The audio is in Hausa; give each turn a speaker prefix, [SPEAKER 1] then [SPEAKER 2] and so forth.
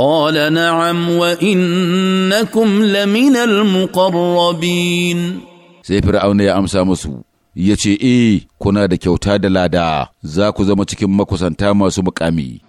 [SPEAKER 1] قال نعم وإنكم لمن المقربين
[SPEAKER 2] sai fir'auna ya amsa musu ya ce eh kuna da kyauta da lada za ku zama cikin makusanta masu mukami